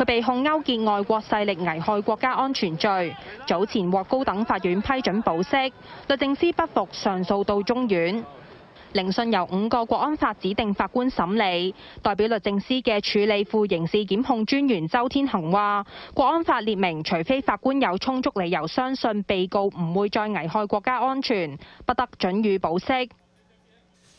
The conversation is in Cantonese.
佢被控勾結外國勢力危害國家安全罪，早前獲高等法院批准保釋。律政司不服上訴到中院，聆訊由五個國安法指定法官審理。代表律政司嘅處理副刑事檢控專員周天恒話，國安法列明，除非法官有充足理由相信被告唔會再危害國家安全，不得准予保釋。